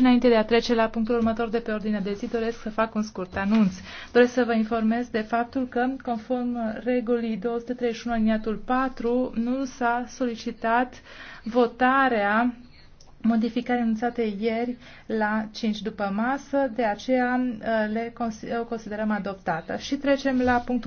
Și înainte de a trece la punctul următor de pe ordinea de zi, doresc să fac un scurt anunț. Doresc să vă informez de faptul că, conform regulii 231 aliniatul 4, nu s-a solicitat votarea modificări anunțate ieri la 5 după masă, de aceea uh, le considerăm adoptată. Și trecem la punctul